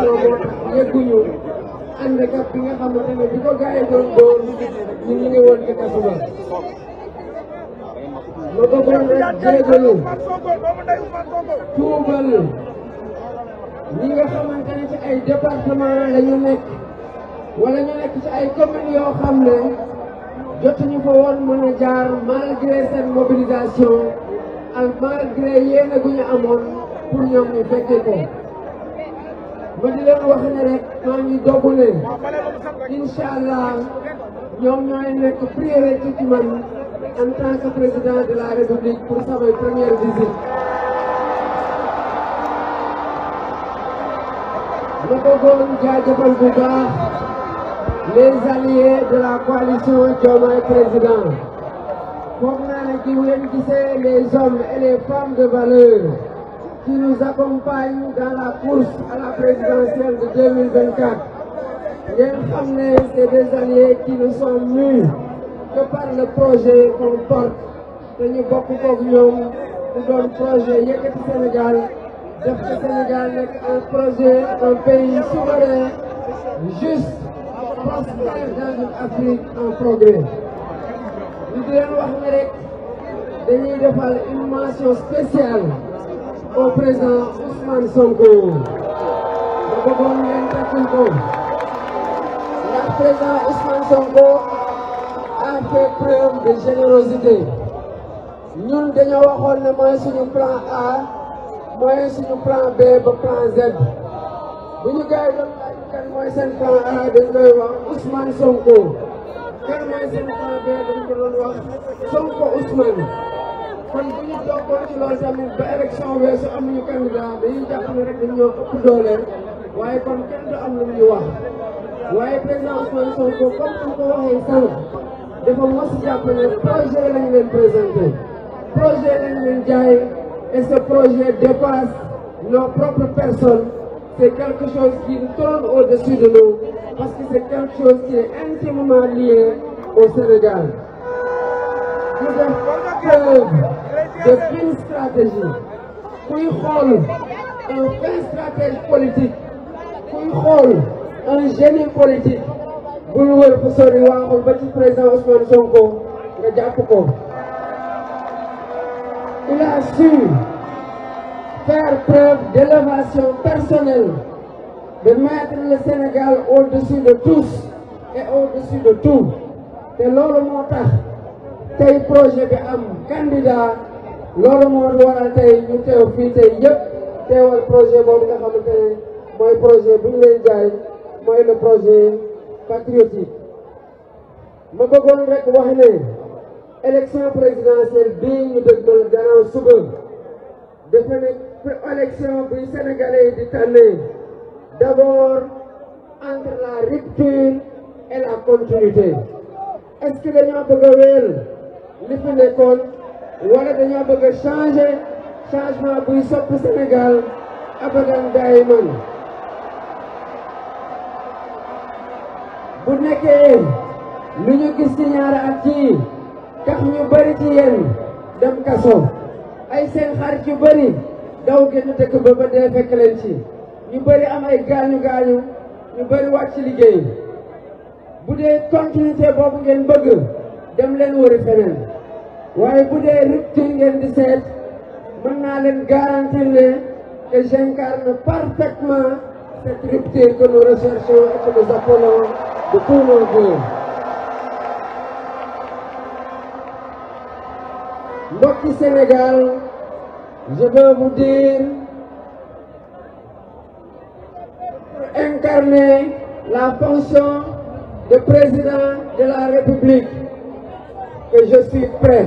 boobu yegguñu ànd ak bi nga xamante ne bi ko gars ci ay département la nekk wala ñu nekk ci ay communes yoo xam ne jotuñu fa woon mën a jaar malgré seen mobilisation ak malgré yéene gu ñu amoon pour ñoom ñu fekkee ko. ma wax ne rek maa ngi dogu allah ñoom ñooy nekk priorité ci man en président de la république pour samay première visite. ma bëggoon jaajëfal bu baax les alliés de la coalition Diomaye Président foog naa ne gisee les hommes et les femmes de valeur. qui nous accompagne dans la course à la présidentielle de 2024. ngeen xam ne qui nous sont mûrs que par le projet qu'on porte te ñu bokk koog ñoom mu doon Sénégal def Sénégal nekk un projet un pays souverain juste prospère dans une Afrique en progrès. ñu di leen wax ne rek dañuy defal une spéciale. au président Ousmane Sonko ma bëggoon ngeen tàccul ko ndax président Ousmane Sonko a fait preuve de générosité ñun dañoo waxoon ne mooy suñu plan A mooy suñu plan B ba plan Z bu ñu gars yi doon kan mooy seen plan A dañ koy wax Ousmane Sonko kan mooy seen plan B dañ ko doon wax Sonko Ousmane. kon bu ñu toppoon ci loolu tamit ba élection weesu amuñu candidat dañuy jàpp ne rek dañ ñoo ëpp dooleel waaye kon kenn du am lu ñu wax waaye président Ousmane Sonko comme ni ko waxee sànq dafa mos jàpp ne projet lañ leen présenté projet lañ leen jaay et ce projet dépasse nos propres personnes c'est quelque chose qui tourne au-dessus de nous parce que c'est quelque chose qui intimement lié au Sénégal. de fine stratégie kuy xool un fin stratège politique kuy xool un génie politique bul wër fu sori waaxul ba ci président Ousmane nga jàpp ko. il a su faire preuve d'élévation personnelle de mettre le Sénégal au-dessus de tous et au-dessus de tout te loolu moo tax tey projet bi am candidat. loolu moo doonal tey ñu teew fii tey yëpp teewal projet boobu nga xamante ne mooy projet bu ñu leen jaay mooy le projet patriotique ma bëggoon rek wax ne élection présidentielle bii ñu dëgmal gannaaw suba dafa ne élection bi sénégalais yi di tànnee d'abord entre la rupture et la continuité est dañoo bëgg a li fi nekkoon wala dañoo bëgg a changer changement buy sopp Sénégal abadan daayiman bu nekkee lu ñu gis ci ñaari at yii tax ñu bari ci yéen dem kaso ay seen xarit yu bari daw génn dëkk ba ba dee fekk leen ci ñu bari am ay gaañu gaañu ñu bari wàcc liggéey bu dee continuité boobu ngeen bëgg dem leen wëri feneen waaye bu dee ngeen di seet mën naa leen garantir ne que j'incarne parfaitement cette rupture que nous recherchons et que nous appelons de tous nos voeux. Sénégal je veux vous dire pour la fonction de président de la République que je suis prêt.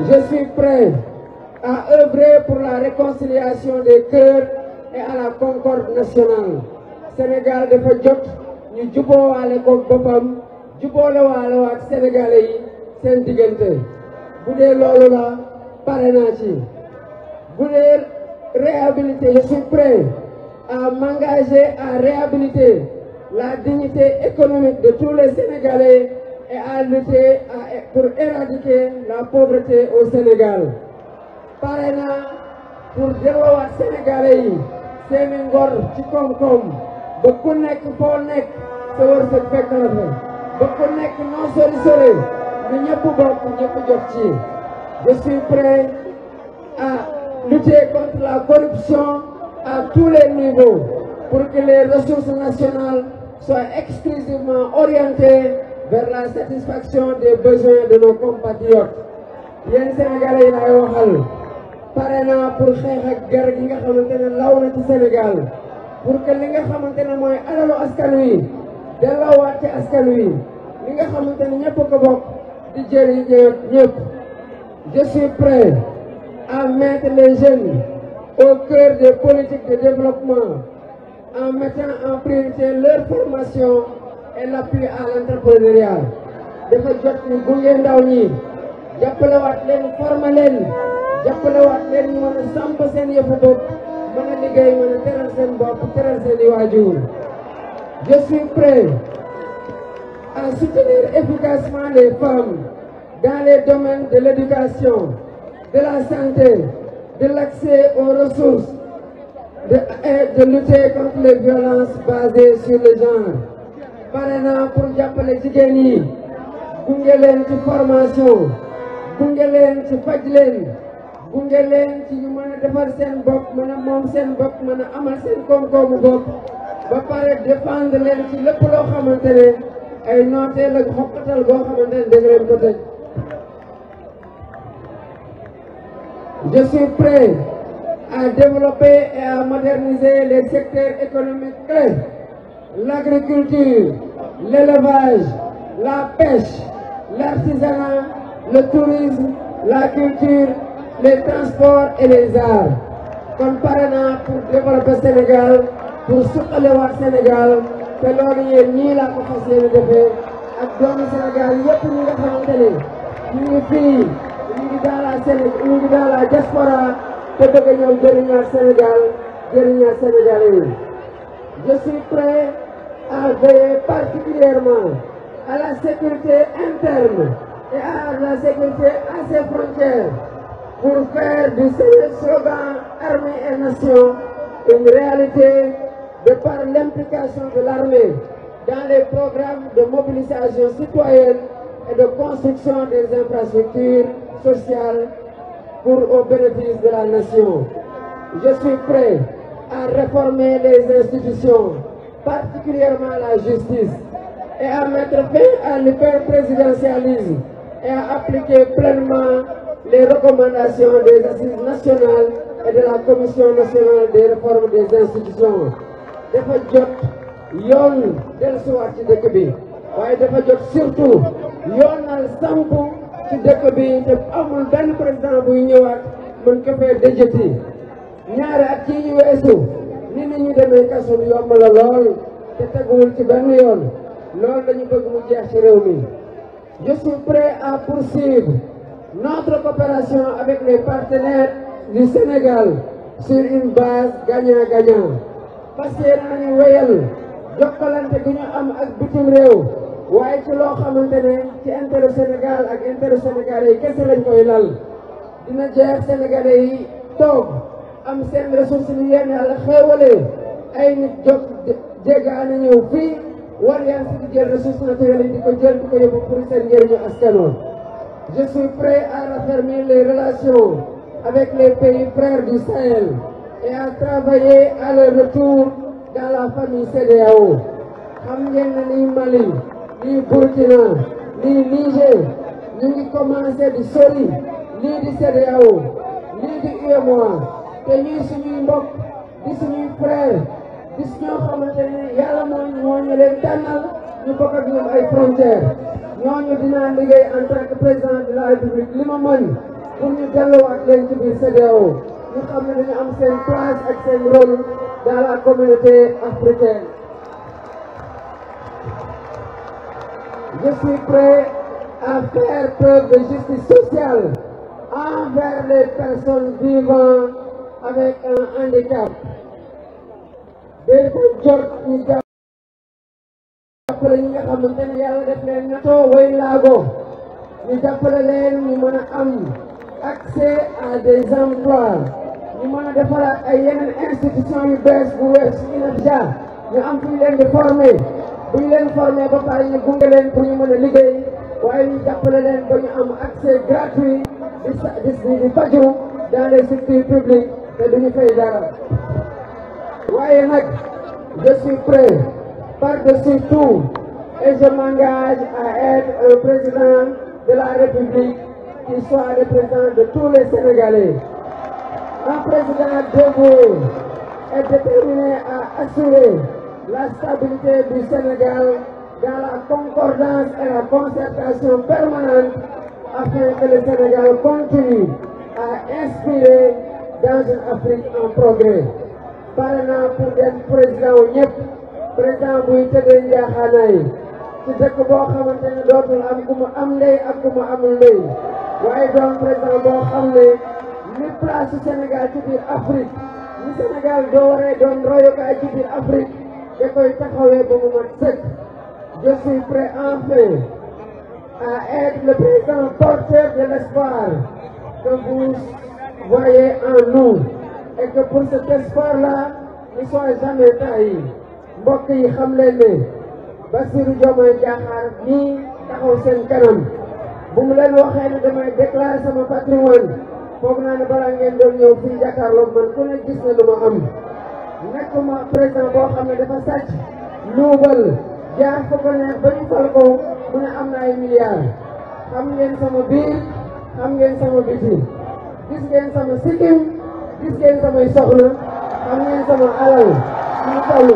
Je suis prêt à pour la réconciliation des cœurs et à la concorde nationale. Sénégal dafa jot ñu juboowaale ko boppam juboole waale waak sénégalais yi seen diggante bu dee loolu la pare naa ci bu dee réhabilité je suis prêt à m'engager à la dignité économique de tous les Sénégalais et à lutter pour éradiquer la pauvreté au Sénégal pare na pour delloowaat sénégalais yi seeni ngor ci koom-koom ba ku nekk foo nekk sa wërsëg fekk na fa ba ku nekk non sori sori ñu ñëpp bokk ñëpp jot ci je suis prêt à lutter contre la corruption à tous les niveaux pour que les ressources nationales soient exclusivement orientées vers la satisfaction des besoins de nos compatriotes yéen sénégalais yi laay waxal pare naa pour xeex ak ger gi nga xamante ne law na ci Sénégal pour que li nga xamante ne mooy alalu askan wi delloowaat ci askan wi li nga xamante ne ñëpp ko bokk di jëriñ ñëpp je suis prêt mettre les jeunes au cœur des politiques de développement en mettant en priorité leur formation et l'appui à l'entrepreneuriat dafa jot ñu gunge ndaw ñi jàppalewaat leen former jàppalewaat leen ñu mën a samp seen yëfu bopp mën a liggéey mën a teral seen bopp teral seen i waajur je suis prêt à soutenir efficacement les femmes dans les de l'éducation de la santé de l'accès aux ressources de, de lutter contre les violences sur le genre pare naa pour jàppale jigéen yi gunge leen ci formation gunge leen ci faj leen gunge leen ci ñu mën a defar seen bopp mën a moom seen bopp mën a amal seen koom-koomu bopp ba pare défendre leen ci lépp loo xamante ne ay nooteel ak xokkatal boo xamante ne dégg leen ko tëj Je suis prêt à développer et à moderniser les secteurs économiques clés l'agriculture, l'élevage, la pêche, l'artisanat, le tourisme, la culture, les transports et kon pare naa pour développer Sénégal pour suqalewaat Sénégal te loolu yéen ñii laa ko fas yéene defee ak doomu Sénégal yépp ñi nga xamante ne ñu ngi fii ñu ngi dans la ñu ngi dans la te bëgg a ñëw jëriñaat Sénégal jëriñaat Sénégalais yi je a veiller particulièrement à la sécurité interne et à la sécurité à ses frontières pour faire du slogan armée et nation une réalité de par l'implication de l'armée dans les programmes de mobilisation citoyenne et de construction des infrastructures sociales pour au bénéfice de la nation. Je suis prêt à réformer les institutions particulièrement la justice, et à mettre fin à l'hyperprésidentialisme et à appliquer pleinement les recommandations des assises nationales et de la commission nationale des réformes des institutions. dafa jot yoon dellusiwaat ci dëkk bi waaye dafa jot surtout yoonal sampu ci dëkk bi te amul benn président buy ñëwaat mën ko dëjëti ñaari at yi ñu weesu. ni nit ñi demee kaso bi yomb la lool te teguwul ci benn yoon loolu lañu bëgg mu jeex ci réew mi je suis prêt à poursuivre notre coopération avec les partenaires du Sénégal sur une base gagnant-gagnant parce que nañu wéyal jokkalante gu ñu am ak bitim réew waaye ci loo xamante ne ci intérêt Sénégal ak intérêt sénégalais yi kese lañ koy lal dina jeex sénégalais yi toog am seen ressource ni yéen yàlla xéewalee ay nit jóg jéggaane ñëw fii war yaan si di jël ressource naturelle yi di ko jël di ko yóbbu pour seen njëriñu askan wi je suis prêt à raffermir les avec les pays frères du Sahel et à travailler à leur retour dans la famille CEDEAO xam ngeen ne ni Mali ni Burkina ni Niger ñu ngi commencé di sori lii di CEDEAO lii di UEMOA te ñuy suñuy mbokk di suñuy frère di suñoo xamante ne yàlla moo moo ñu leen tànnal ñu bokk ak ay frontière ñooñu dinaa liggéey en tant président de la république li ma mën pour ñu delluwaat leen ci biir ñu xam ne dañu am seen place ak seen rôle dans la communauté africaine. Je suis prêt à faire de justice sociale envers les personnes vivant avec un handicap déedéet jot ñu jàppale xam na xamante ne yàlla def leen natoo way laago ñu jàppale leen ñu mën a am accès à des emplois ñu mën a defaraat ay yeneen institution yu bees bu wees INAFJA ñu am fu ñu leen di former bu ñu leen former ba pare ñu gunge leen pour ñu mën a liggéey waaye ñu jàppale leen ba ñu am accès gratuit di di di faju dans les structures te duñu fay dara waaye et je m'engage à être un président de la République qui soit le de tous les Sénégalais un président debout et déterminé à assurer la stabilité du Sénégal dans la concordance et la concertation permanente afin que le Sénégal continue à inspirer dans une Afrique en pare naa pour dem président wu buy tëddee njaaxaanaay ci dëkk boo xamante ne dootul am ku mu am ndey ak ku mu amul ndey waaye doon président boo xam ne ni place Sénégal ci biir Afrique ni Sénégal doo waree doon royukaay ci biir Afrique da koy taxawee ba mu mat sëkk je suis prêt enfin à être le président porteur de l'espoir que voyez en nous et que pour cet espoir-là ne soit jamais trahi mbokk yi xam leen ne Bassirou Diomaye Diakhar nii taxaw seen kanam bu mu leen waxee ne damay déclarer sama patrimoine foog naa ne balaa ngeen doon ñëw fii jàkkaarloog man ku ne gis na lu am nekk ma président boo xam ne dafa sàcc luubal jaar fa ko neex ba ñu fal mu ne am na ay milliards xam ngeen sama biir xam ngeen sama biti gis sama sikkim gis ngeen samay soxla ngeen sama alal ñu toll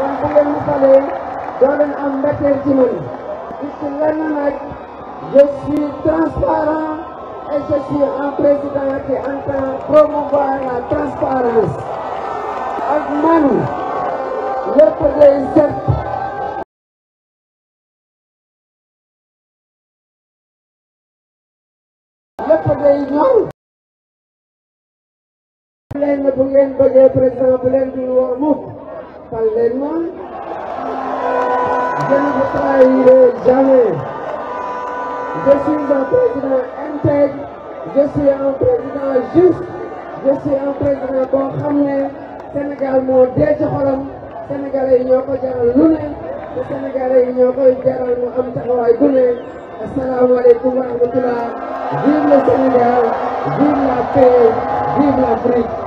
kon bu mu falee doo am mbetteel ci man gis ci lenn nag je suis transparent et je suis un président qui entend promouvoir transparence ak man lépp day set lépp leen bu ngeen bëggee président bu leen di wor mukk fal leen ma je ne vous jamais je suis président intègre je suis président juste je suis président boo xam Sénégal moo dee ci xolam Sénégalais yi ñoo ko jaral lu ne te Sénégalais yi ñoo koy jaral mu am taxawaay gu ne asalaamaaleykum wa rahmatulah vive le Sénégal vive la